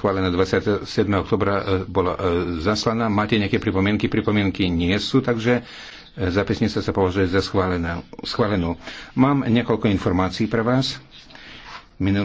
schválená 27. oktobra e, bola e, zaslaná. Máte nejaké pripomienky? Pripomienky nie sú, takže e, zapisnica sa považuje za schválenú. Mám niekoľko informácií pre vás. Minul